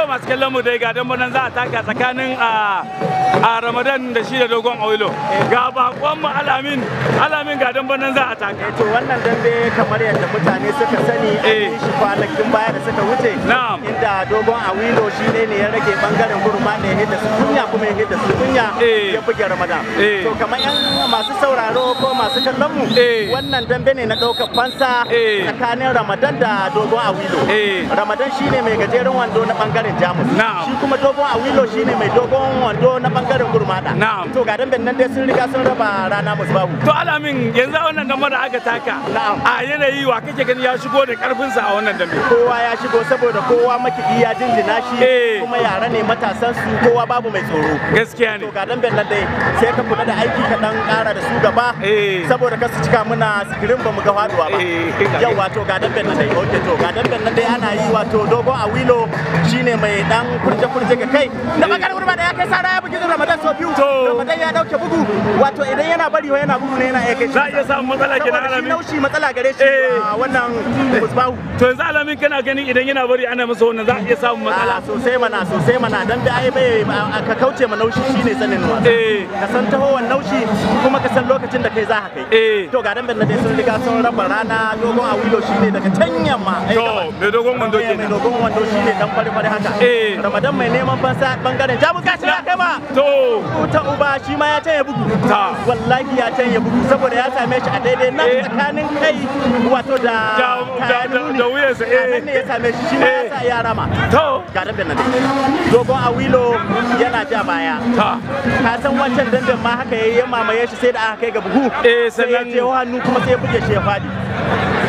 to masu kallon mu dai ga dan za a taka tsakanin a ah, a ramadan da shi da dogon aulo ga bakon mu alamin alamin ga dan banan za a take eh, to wannan dambe kamar yadda mutane suka sani an eh. shi kwanakin baya da suka wuce inda dogon awilo shi ne ne ya rage bangaren gurma da yadda hidda su kunya kuma ya hidda su kunya eh. ya buge ramadan to kamar yan masu sauraro ko masu kallon mu wannan dambe ne na daukar fansa tsakanin ramadan da dogon awilo ramadan shi ne mai gajeren wando na bangaren jamus shi kuma dogon awilo shi ne mai dogon wando na bangaren bangaren gurmada na'am to ga damben nan dai sun riga sun raba rana musu babu to alamin yanzu a wannan dambe da aka taka na'am a yanayi wa kake gani ya shigo da karfin sa a wannan dambe kowa ya shigo saboda kowa makiɗi ya jinjina shi eh. kuma yara ne matasan su kowa babu mai tsoro gaskiya ne to ga damben nan dai sai ka kula da aiki ka dan kara da su gaba eh. saboda ka su cika muna sikirin ba mu ga faduwa ba eh, yau wato ga damben nan dai okay to ga damben nan dai ana yi wato dogon awilo shine mai dan kurje kurje ga kai da bakar gurba da ya kai sara ya bugi zura ramadan sau biyu ramadan ya dauke bugu wato idan yana bari yana bugu ne yana aike za iya samun matsala ke nan alamin naushi matsala gare shi eh. wannan musbahu to yanzu alamin kana ganin idan yana bari ana masa wannan za iya samun matsala sosai mana sosai mana dan da ai bai ka kauce ma naushi shine sanin wasa eh. ka san tahowar naushi kuma ka san lokacin da kai za ka kai eh. to ga dan da dai sun riga sun raba rana dogon a wilo shine daga can yamma to me dogon wando kenan me dogon wando shine dan fari fari haka ramadan mai neman fansa bangaren jamus gashi ya kai ma to ta uba shi ma ya tanya bugu wallahi ya ya bugu saboda ya same shi a daidai nan eh. tsakanin kai wato da da wuyansa eh ne ya same shi shi ma ya eh. sa ya rama to ga dambe nan dogon awilo yana ja baya ka san wancan damben ma haka yayi ya mamaye shi sai da aka kai ga bugu eh sannan ya je hannu kuma sai ya buge shi ya fadi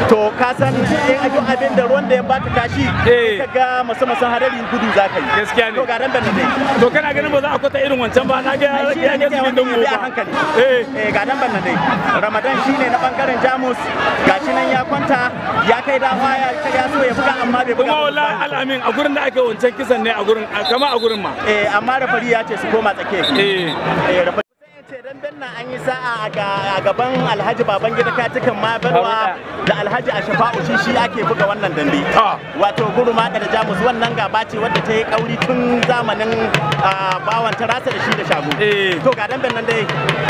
to ka san in abin da ruwan da ya baka kashi eh. ka ga musu-musu hadari gudu za ka yi gaskiya ne to ga dan dai to kana ganin ba za a kwata irin wancan ba na ga ya ga sun dango ba hankali eh. eh ga dan ban dai ramadan shine na bangaren jamus gashi nan ya kwanta ya kai da dama ya ya so ya buga amma bai buga kuma wallahi al'amin a gurin da aka wancan kisan ne a gurin kama a gurin ma eh amma rafari ya ce su koma tsake eh, eh rafari wannan an yi sa'a a gaban alhaji baban gida katikan barwa da alhaji ashafa'u shi shi ake buga wannan dambe ah. wato guruma da jamus wannan gaba ce wadda ta yi kauri tun zamanin ah, bawan ta rasa da shi da shagu eh. to ga dambe nan dai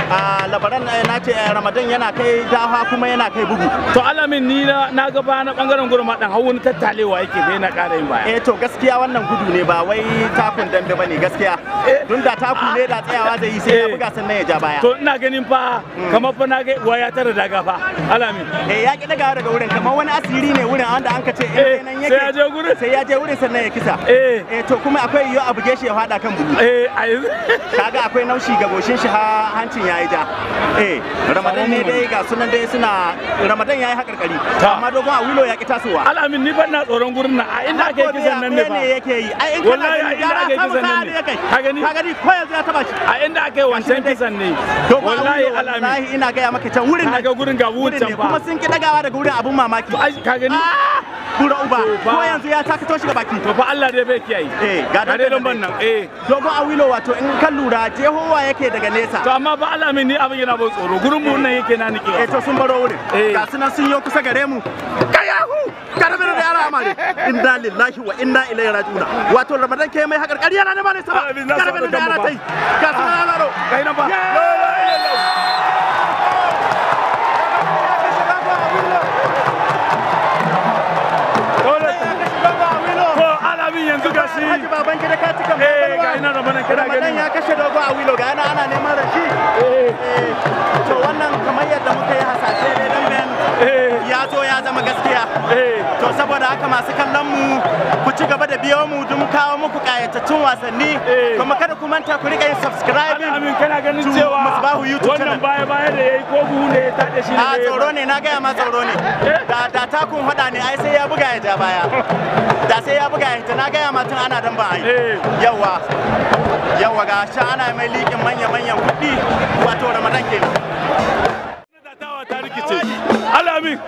ah, labaran eh, na ce eh, ramadan yana kai dafa kuma yana kai bugu to alamin ni na gaba na bangaren ma dan hawo tattalewa yake bai na kara yin baya eh to gaskiya wannan gudu ne ba wai takun dambe bane gaskiya tun da taku ne da tsayawa zai yi sai ya buga sannan ya ja baya ina ganin fa kamar fa na ga waya tara daga fa alamin eh ya ki daga daga wurin kamar wani asiri ne wurin an da an ka ce eh, eh nan yake sai ya je wurin sai ya je wurin sannan ya kisa eh eh to kuma akwai yo a buge shi ya fada kan bugu eh a yanzu kaga akwai naushi ga goshin shi ha hancin yayi ja eh ramadan ne dai ga sunan dai suna ramadan yayi hakarkari amma dogon a wilo ya ki tasowa alamin ni ban na tsoron gurin na a inda ke kisan nan ne fa yake yi ai in kana da yara ka gani ka gani ko yanzu ya taba shi a inda ake wancan kisan ne wallahi al'ami wallahi ina gaya maka can wurin ne ga gurin ga wucin ba kuma sun ki dagawa daga wurin abun mamaki ka gani ah! bura uba ko yanzu ya takato shi ga baki to fa Allah dai bai kiyaye eh ga dai lamban nan eh dogo awilo wato in kan lura jehowa yake daga nesa to amma ba Allah ni abin yana ba tsoro gurin mu nan yake na nike eh to sun baro wurin eh. ga sun yo kusa gare mu kayahu da yara amare inna lillahi wa inna ilaihi raji'un wato ramadan na ne ba ne da yara tai ga shi Alhaji baban gida ka cika eh ga ina ramadan kana gani ramadan ya kashe dogo a wilo ga ana ana neman rashi eh to wannan kamar yadda muka yi hasashe ne dan eh. ya zo ya zama gaskiya eh. to saboda haka masu kallon mu ku ci gaba da biyo mu don kawo muku kayatattun wasanni eh. kuma kada ku manta ku rika yin subscribe amin kana ganin cewa musbahu youtube channel wannan baya baya da yayi ko buhu ne ya tade shi ne ah, a tsoro ne na gaya ma tsoro ne eh. da da kun hada ne ai sai ya buga ya ja baya da sai ya buga ya na gaya ma tun ana dan ba ai eh. yawa yawa ga sha ana mai likin manya manyan kuɗi wato ramadan ke ta rikice alamin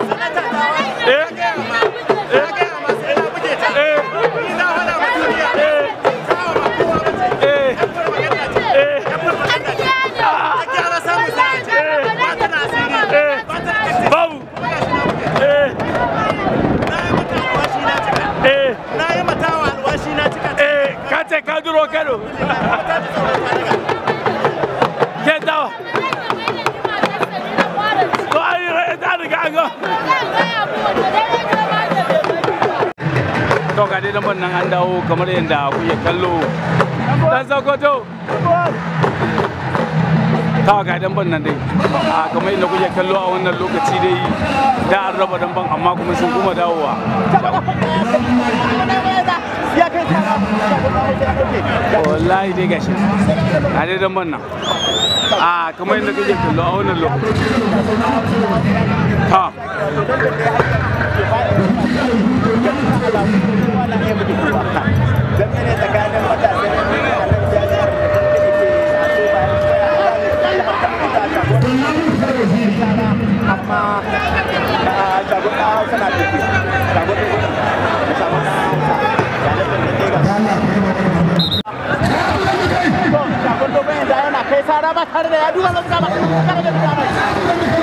eh eh yaro ke dawa to ga dai lambar nan an dawo kamar yadda ya kallo dan sokoto ga nan dai a kamar yadda kallo a wannan lokaci dai da an raba damban amma kuma sun kuma dawowa wallahi dai gashi a dai don nan a ah, kamar yadda kake kallo a wannan lokaci ta Bakar'da Duval'ın Galatasaray.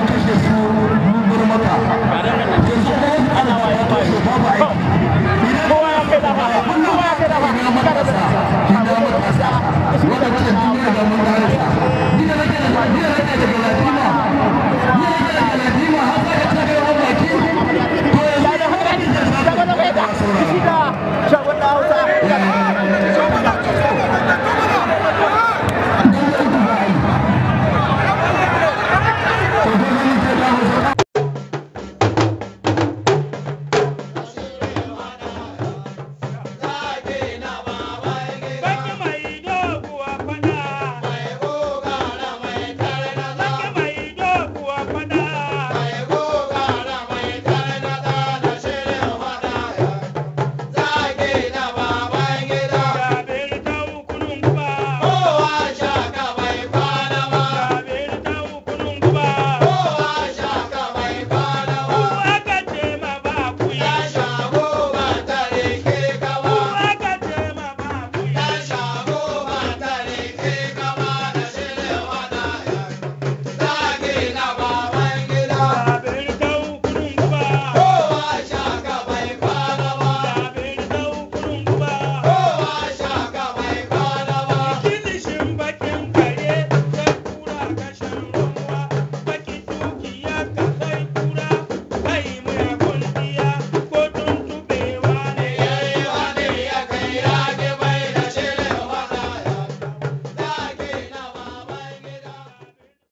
감사합니다. 아,